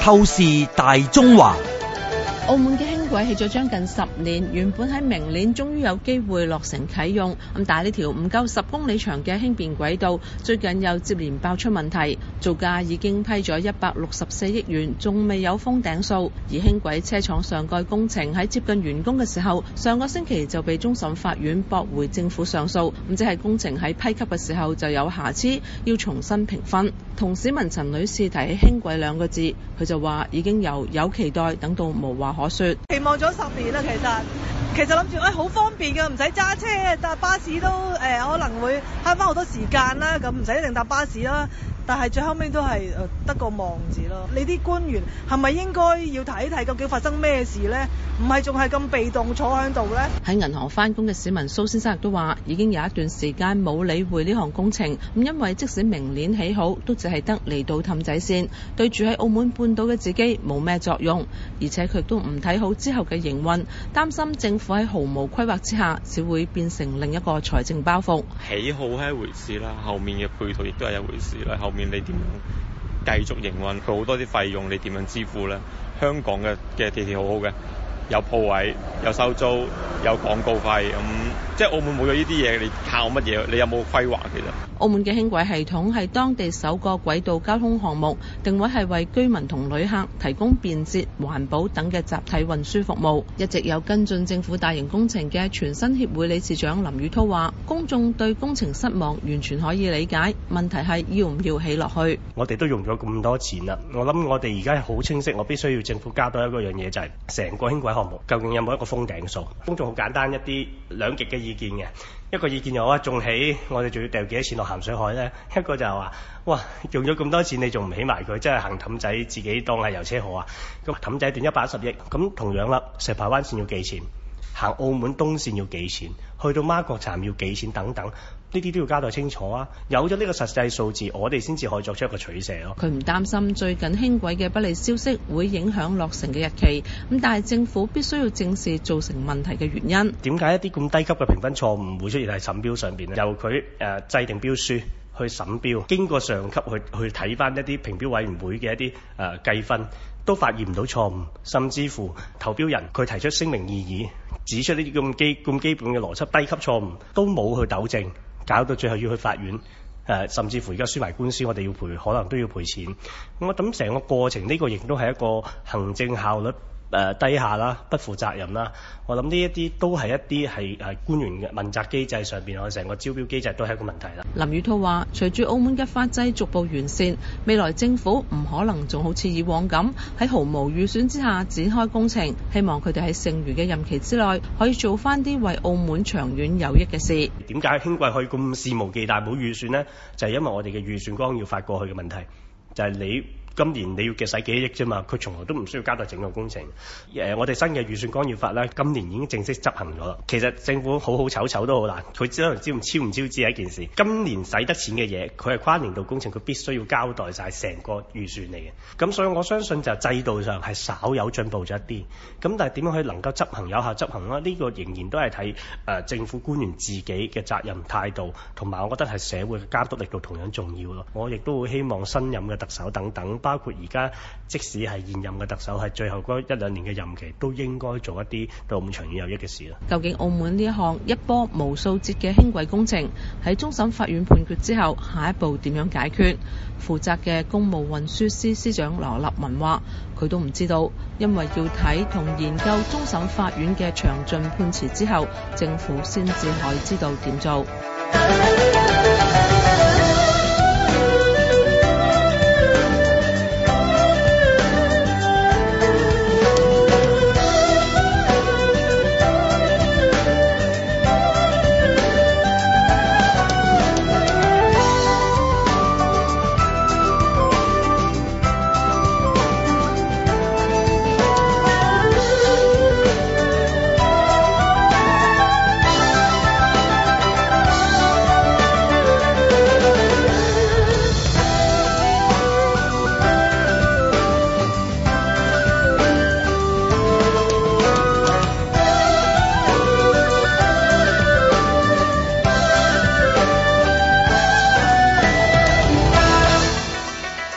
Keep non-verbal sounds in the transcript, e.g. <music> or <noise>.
透視大中華。輕軌起咗將近十年，原本喺明年終於有機會落成啟用，咁但係呢條唔夠十公里長嘅輕便軌道，最近又接連爆出問題，造價已經批咗一百六十四億元，仲未有封頂數。而輕軌車廠上蓋工程喺接近完工嘅時候，上個星期就被終審法院駁回政府上訴，咁即係工程喺批級嘅時候就有瑕疵，要重新評分。同市民陳女士提起輕軌兩個字，佢就話已經由有，有期待等到無話可說。望咗十年啦，其實其實諗住誒好方便噶，唔使揸車搭巴士都誒、呃、可能會慳翻好多時間啦，咁唔使一定搭巴士啦。但係最後尾都係得個望字咯。你啲官員係咪應該要睇睇究竟發生咩事呢？唔係仲係咁被動坐喺度呢？喺銀行翻工嘅市民蘇先生亦都話：已經有一段時間冇理會呢項工程咁，因為即使明年起好，都只係得離島氹仔線，對住喺澳門半島嘅自己冇咩作用。而且佢都唔睇好之後嘅營運，擔心政府喺毫無規劃之下，只會變成另一個財政包袱。起好係一回事啦，後面嘅配套亦都係一回事啦，後你點繼續營運？佢好多啲費用，你點樣支付咧？香港嘅嘅地鐵鐵好好嘅，有鋪位，有收租，有廣告費咁。嗯即係澳門冇咗呢啲嘢，你靠乜嘢？你有冇規劃？其實澳門嘅輕軌系統係當地首個軌道交通項目，定位係為居民同旅客提供便捷、環保等嘅集體運輸服務，一直有跟進政府大型工程嘅全新協會理事長林宇滔話，公眾對工程失望完全可以理解，問題係要唔要起落去？我哋都用咗咁多錢啦，我諗我哋而家係好清晰，我必須要政府加多一個樣嘢，就係、是、成個輕軌項目究竟有冇一個封頂數？公眾好簡單一啲，兩極嘅意見嘅一個意見就話、是、仲起，我哋仲要掉幾多錢落咸水海呢？一個就係話，哇，用咗咁多錢，你仲唔起埋佢？真係行氹仔自己當係遊車河啊！咁氹仔段一百一十億，咁同樣啦，石排灣線要幾錢？行澳門東線要幾錢？去到媽閣站要幾錢？等等，呢啲都要交代清楚啊！有咗呢個實際數字，我哋先至可以作出一個取捨咯。佢唔擔心最近輕軌嘅不利消息會影響落成嘅日期，咁但係政府必須要正視造成問題嘅原因。點解一啲咁低級嘅評分錯誤會出現喺審標上邊咧？由佢誒制定標書去審標，經過上級去去睇翻一啲評標委員會嘅一啲誒計分，都發現唔到錯誤，甚至乎投標人佢提出聲明異議。指出呢啲咁基咁基本嘅邏輯，低級錯誤都冇去糾正，搞到最後要去法院，誒，甚至乎而家輸埋官司，我哋要賠，可能都要賠錢。我諗成個過程呢個亦都係一個行政效率。誒低下啦，不負責任啦，我諗呢一啲都係一啲係官員嘅問責機制上面，我成個招標機制都係一個問題啦。林宇滔話：隨住澳門嘅法制逐步完善，未來政府唔可能仲好似以往咁喺毫無預算之下展開工程。希望佢哋喺剩餘嘅任期之內，可以做翻啲為澳門長遠有益嘅事。點解輕軌可以咁肆無忌憚冇預算呢？就係因為我哋嘅預算光要發過去嘅問題，就係你。今年你要嘅使幾億啫嘛，佢從來都唔需要交代整個工程。呃、我哋新嘅預算綱要法呢，今年已經正式執行咗啦。其實政府好好醜醜都好難，佢只能知超唔超支係一件事。今年使得錢嘅嘢，佢係跨年度工程，佢必須要交代晒成個預算嚟嘅。咁所以我相信就制度上係稍有進步咗一啲。咁但係點樣可以能夠執行，有效執行呢呢、呢個仍然都係睇、呃、政府官員自己嘅責任態度，同埋我覺得係社會嘅監督力度同樣重要咯。我亦都會希望新任嘅特首等等。包括而家，即使係現任嘅特首係最後嗰一兩年嘅任期，都應該做一啲對澳門長遠有益嘅事啦。究竟澳門呢項一,一波無數折嘅輕軌工程喺終審法院判決之後，下一步點樣解決？負責嘅公務運輸司司長羅立文話，佢都唔知道，因為要睇同研究終審法院嘅詳盡判詞之後，政府先至可以知道點做。 <music>